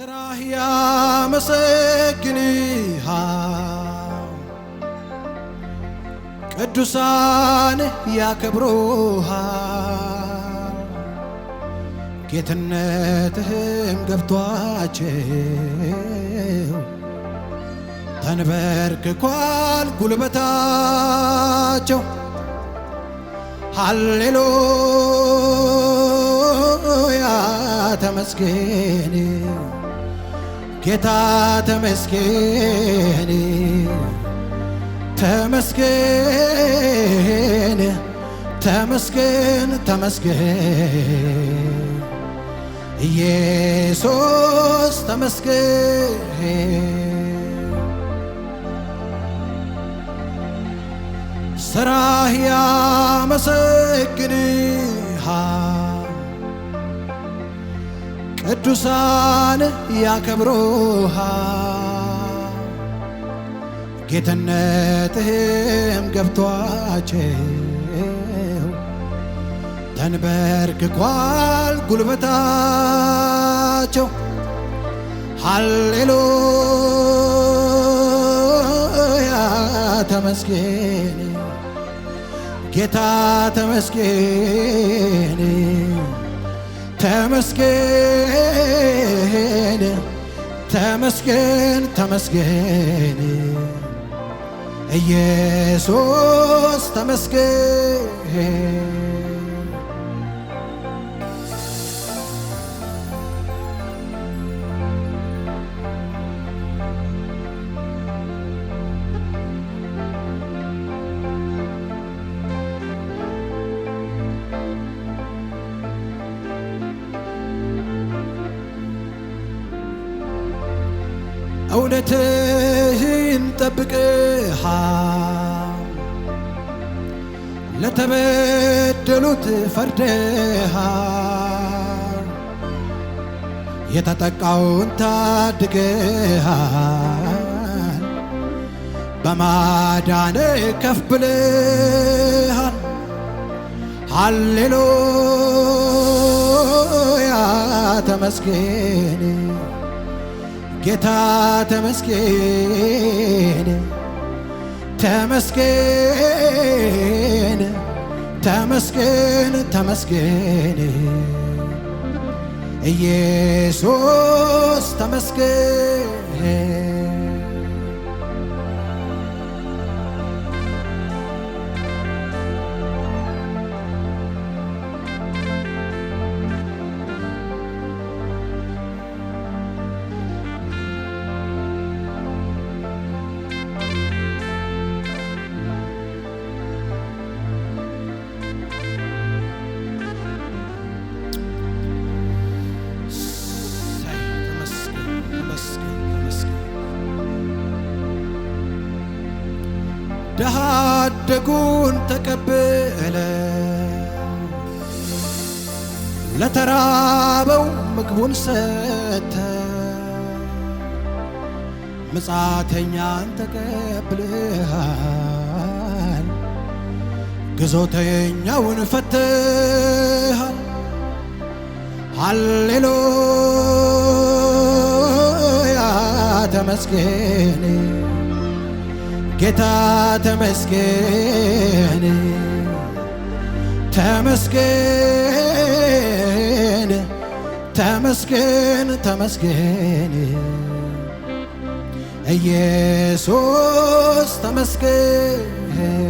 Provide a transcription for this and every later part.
ስራህ ያመሰግንሃል፣ ቅዱሳን ያከብሩሃል፣ ጌትነትህም ገብቷቸው ተንበርክኳል ጉልበታቸው። ሃሌሉያ ተመስገን ጌታ ተመስገን ተመስገን ተመስገን ተመስገን ኢየሱስ ተመስገን ስራህ ያመሰግንሃል ቅዱሳን ያከብሩሃል ጌትነትህም ገብቷቸው ተንበርክኳል ጉልበታቸው። ሃሌሉያ ተመስገን ጌታ ተመስገን ተመስገን ተመስገን ተመስገን ኢየሱስ ተመስገን እውነትህን ጠብቅሃል፣ ለተበደሉት ፈርደሃል፣ የተጠቃውን ታድገሃል፣ በማዳን ከፍ ብለሃል። ሃሌሉያ ተመስገን ጌታ ተመስገን ተመስገን ተመስገን ተመስገን ኢየሱስ ተመስገን ድሃ አደጉን ተቀብለ ለተራበው ምግቡን ሰተ ምጻተኛን ተቀብልሃል ግዞተኛውን ፈትሃል። ሃሌሉያ ተመስገን ጌታ ተመስገን ተመስገን ተመስገን ተመስገን ኢየሱስ ተመስገን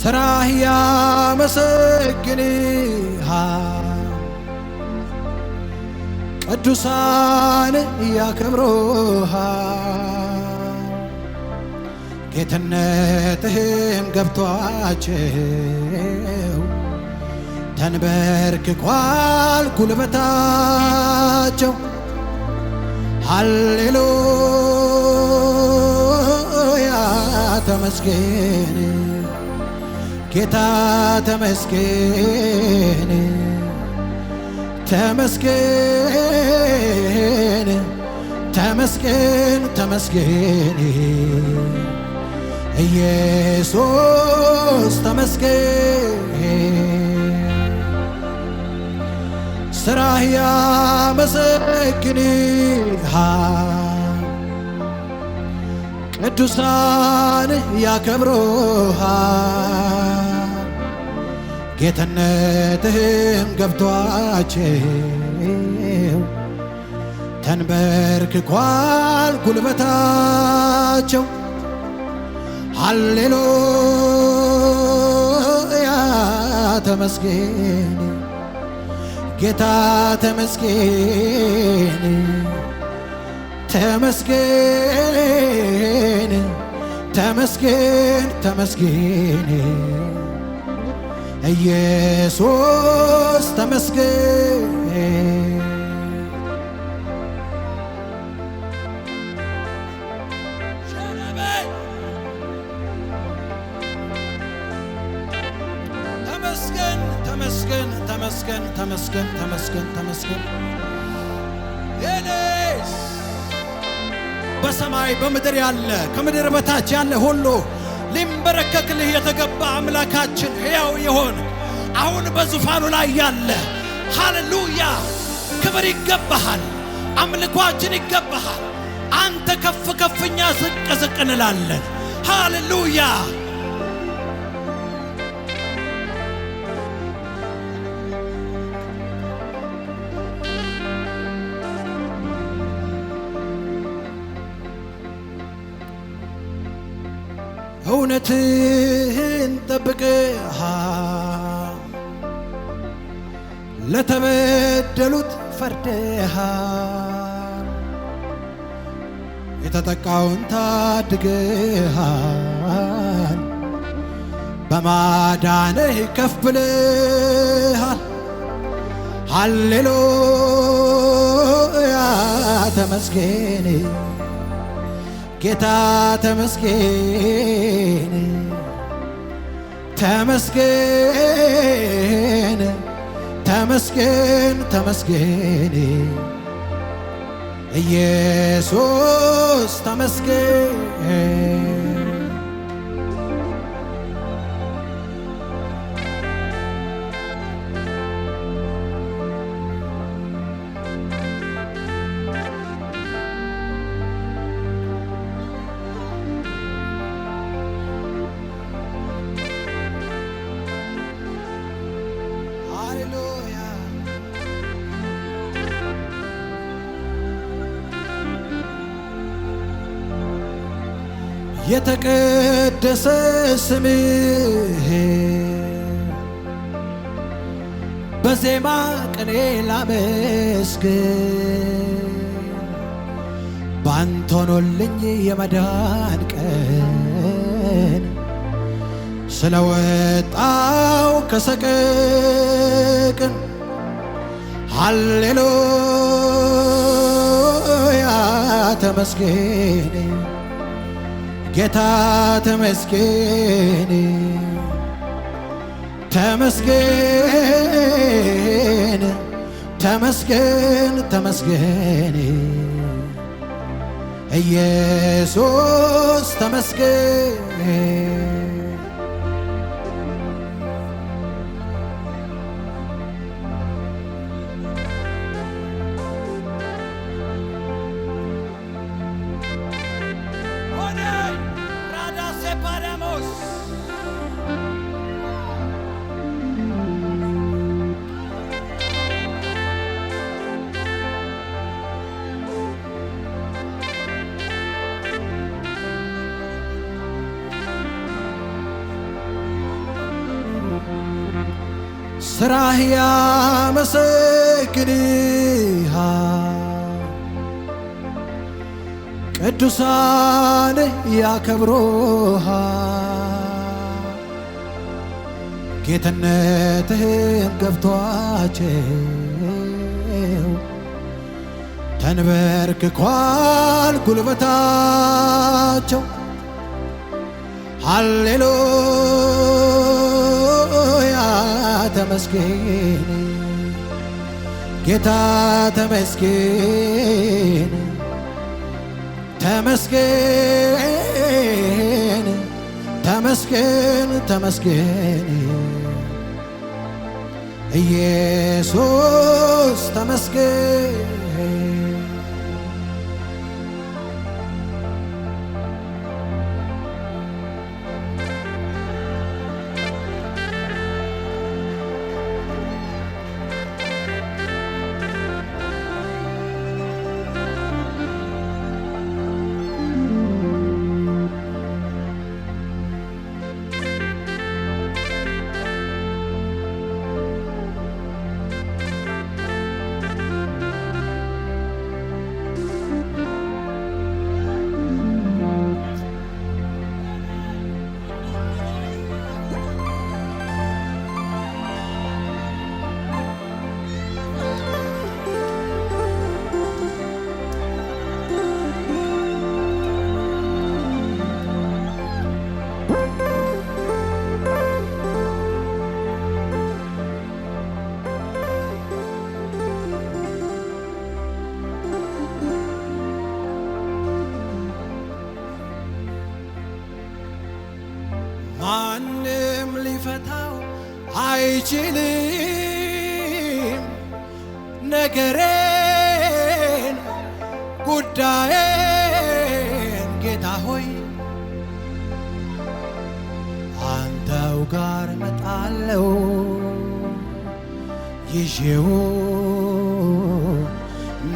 ስራህ ያመሰግንሃል ቅዱሳን ያከብሩሃል ጌትነትህም ገብቷቸው ተንበርክኳል ጉልበታቸው። ሃሌሉያ ተመስገን ጌታ ተመስገን ተመስገን ተመስገን ተመስገን ኢየሱስ ተመስገን ስራህ ያመሰግንሃል፣ ቅዱሳን ያከብሩሃል ጌትነትህም ገብቷቸው ተንበርክኳል ጉልበታቸው። ሃሌሉያ ተመስገን ጌታ ተመስገን ተመስገን ተመስገን ተመስገን ኢየሱስ ተመስገን ተመስገን ተመስገን ተመስገን ተመስገን ተመስገን በሰማይ በምድር ያለ ከምድር በታች ያለ ሁሉ ሊንበረከክልህ የተገባ አምላካችን ሕያው የሆነ አሁን በዙፋኑ ላይ ያለ ሃሌሉያ፣ ክብር ይገባሃል፣ አምልኳችን ይገባሃል። አንተ ከፍ ከፍኛ ዝቅ ዝቅ እንላለን። ሃሌሉያ እውነትህን ጠብቀሃ ለተበደሉት ፈርደሃ የተጠቃውን ታድገሃል በማዳንህ ከፍ ብለሃል። ሃሌሉያ ተመስገን ጌታ ተመስገን ተመስገን ተመስገን ተመስገን ኢየሱስ ተመስገን ይቀደስ ስምህ በዜማ ቅኔ ላመስግን ባንተ ሆኖልኝ የመዳን ቀን ስለወጣው ከሰቀቅን ሃሌሉያ ተመስገን ጌታ ተመስገን ተመስገን ተመስገን ተመስገን ኢየሱስ ተመስገን ስራህ ያመሰግንሃል፣ ቅዱሳን ያከብሮሃል፣ ጌትነትህን ገብቷቸው ተንበርክኳል ጉልበታቸው ሃሌሉያ ተመስገን ጌታ ተመስገን ተመስገን ተመስገን ተመስገን ኢየሱስ ተመስገን ጉዳዬን ጌታ ሆይ አንተው ጋር መጣለው ይዤው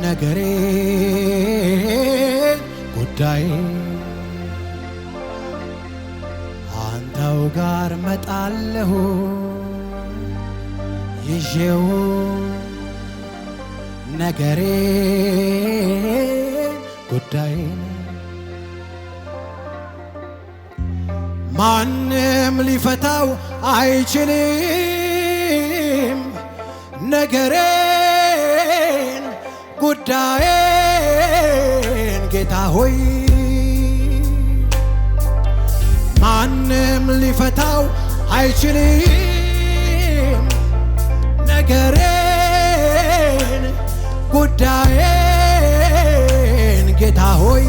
ነገሬ ጉዳዬ አንተው ጋር መጣለሁ ይዤው ነገሬ ጉዳይ ማንም ሊፈታው አይችልም። ነገሬን ጉዳይን ጌታ ሆይ ማንም ሊፈታው አይችልም ነገሬን ጉዳዬ ሆይ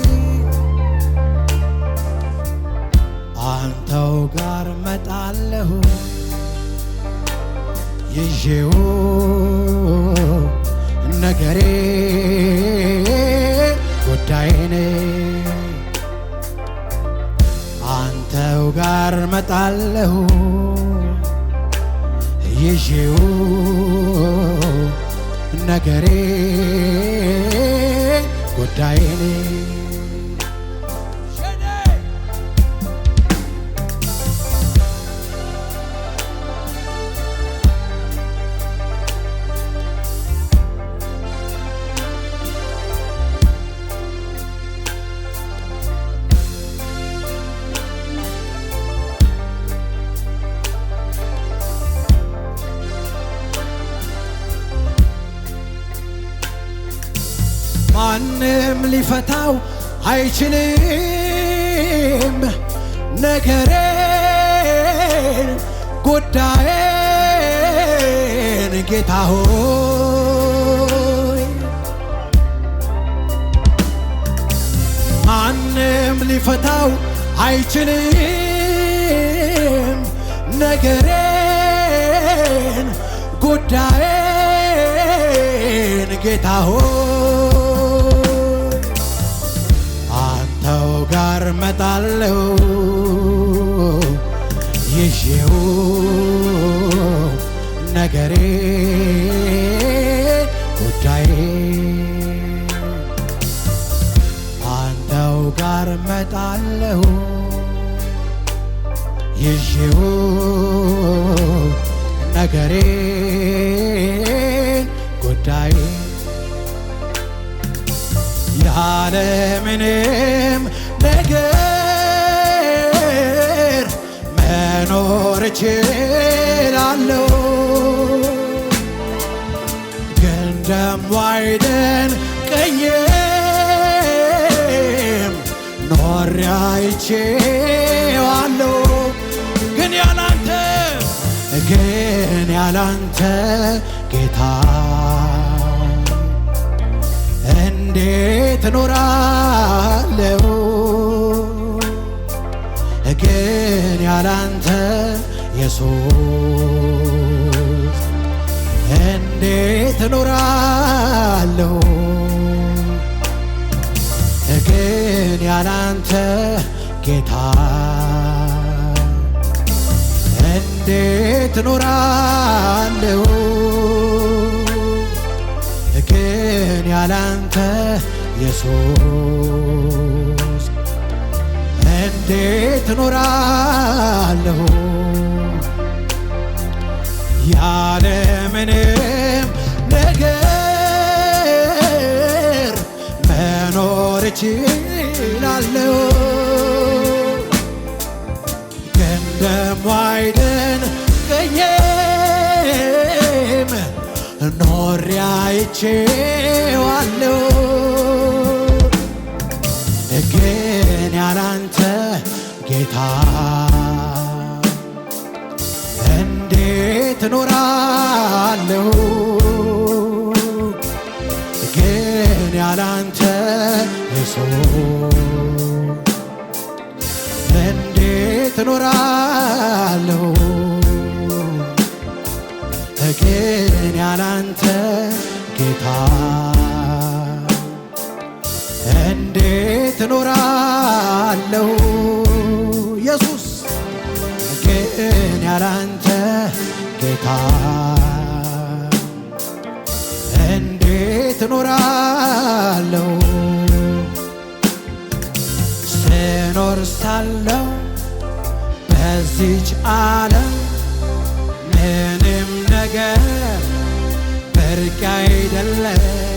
አንተው ጋር መጣለሁ ይዤው ነገሬ ጉዳይኔ አንተው ጋር መጣለሁ ይዤው ነገሬ ጉዳይኔ ሊፈታው አይችልም ነገሬን ጉዳዬን ጌታ ሆይ ማንም ሊፈታው አይችልም ነገሬን ጉዳዬን ጌታ ሆይ ጋር መጣለሁ ይዤው ነገሬ ግን ያላንተ ጌታ እንዴት እኖራለሁ? ግን ያላንተ ኢየሱስ እንዴት እኖራለሁ? ግን ያላንተ ጌታ እንዴት ኖራለሁ? ግን ያላንተ ኢየሱስ እንዴት እኖራለሁ ያለምንም ነገር መኖር እችላለሁ ግን ኖሪያይቼዋለሁ ግን ያላንተ ጌታ እንዴት እኖራለሁ? ግን ያላንተ ኢየሱስ እንዴት እኖራለሁ? ያላንተ ጌታ እንዴት ኖራለሁ? ኢየሱስ ግን ያላንተ ጌታ እንዴት ኖራለሁ? ስኖር ሳለው በዚች ዓለም ምንም ነገር እርቅ አይደለም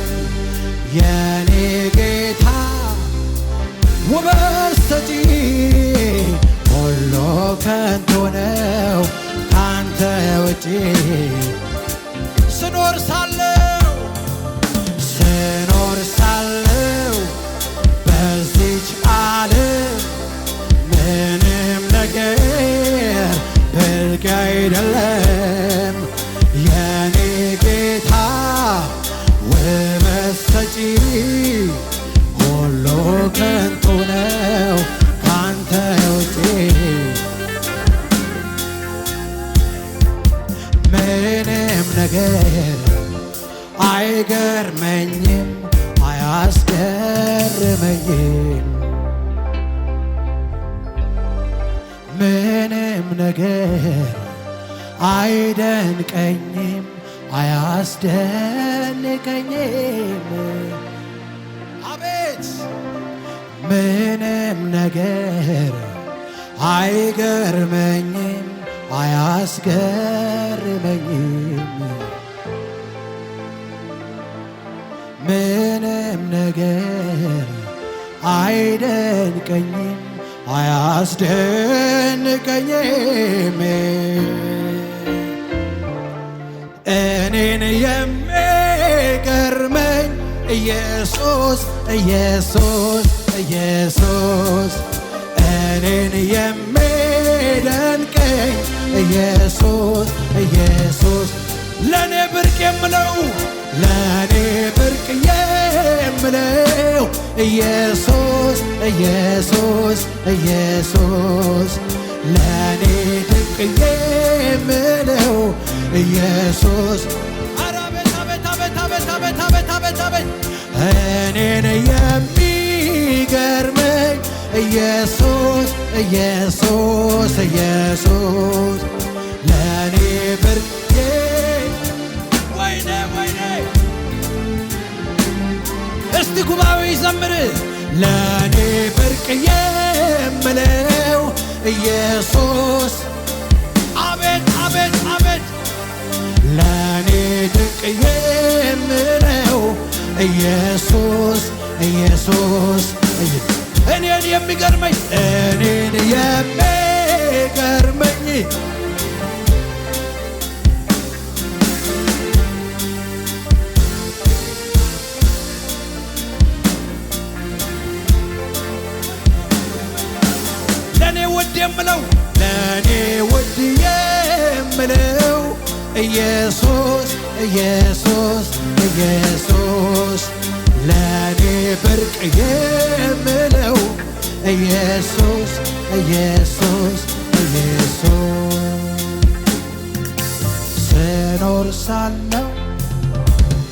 የኔ ጌታ ውበት ሰጪ ሁሉ ከንቱ ነው ካንተ ውጪ ስኖር ሳለ ምንም ነገር አይደንቀኝም አያስደንቀኝም። እኔን የሚገርመኝ ኢየሱስ ኢየሱስ ኢየሱስ እኔን የሚደንቀኝ ኢየሱስ ኢየሱስ ለእኔ ብርቅ የምለው ለእኔ ብርቅ የምለው ኢየሱስ ኢየሱስ ኢየሱስ ለእኔ ድንቅ የምለው ኢየሱስ እኔን የሚገርመኝ ኢየሱስ ኢየሱስ ኢየሱስ ለእኔ ብርቅ ጉባኤ ዘምር ለኔ ብርቅ የምለው ኢየሱስ አቤት አቤት አቤት ለኔ ድንቅ የምለው ኢየሱስ ኢየሱስ እኔን የሚገርመኝ እኔን የሚገርመኝ የምለው ለእኔ ውድ የምለው ኢየሱስ ኢየሱስ ኢየሱስ ለእኔ ብርቅ የምለው ኢየሱስ ኢየሱስ ኢየሱስ ስኖር ሳለው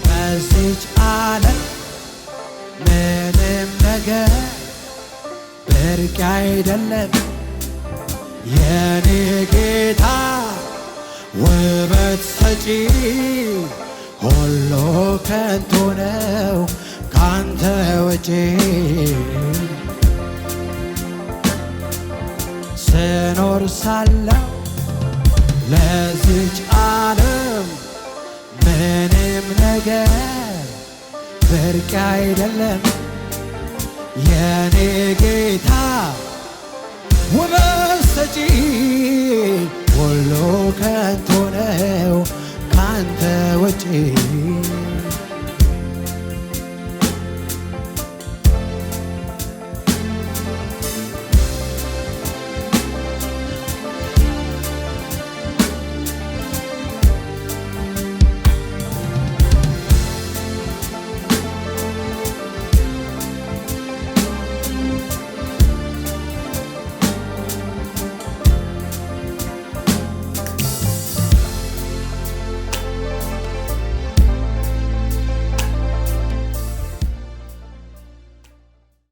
በዚች ዓለም ምንም ነገር ብርቅ አይደለም የኔ ጌታ ውበት ሰጪ ሁሉ ከንቱ ነው ካንተ ውጪ ስኖር ሳለው ለዚች ዓለም ምንም ነገር ብርቅ አይደለም የኔ ጌታ ውበት ሰጪ ሁሉ ከንቱ ነው ካንተ ውጪ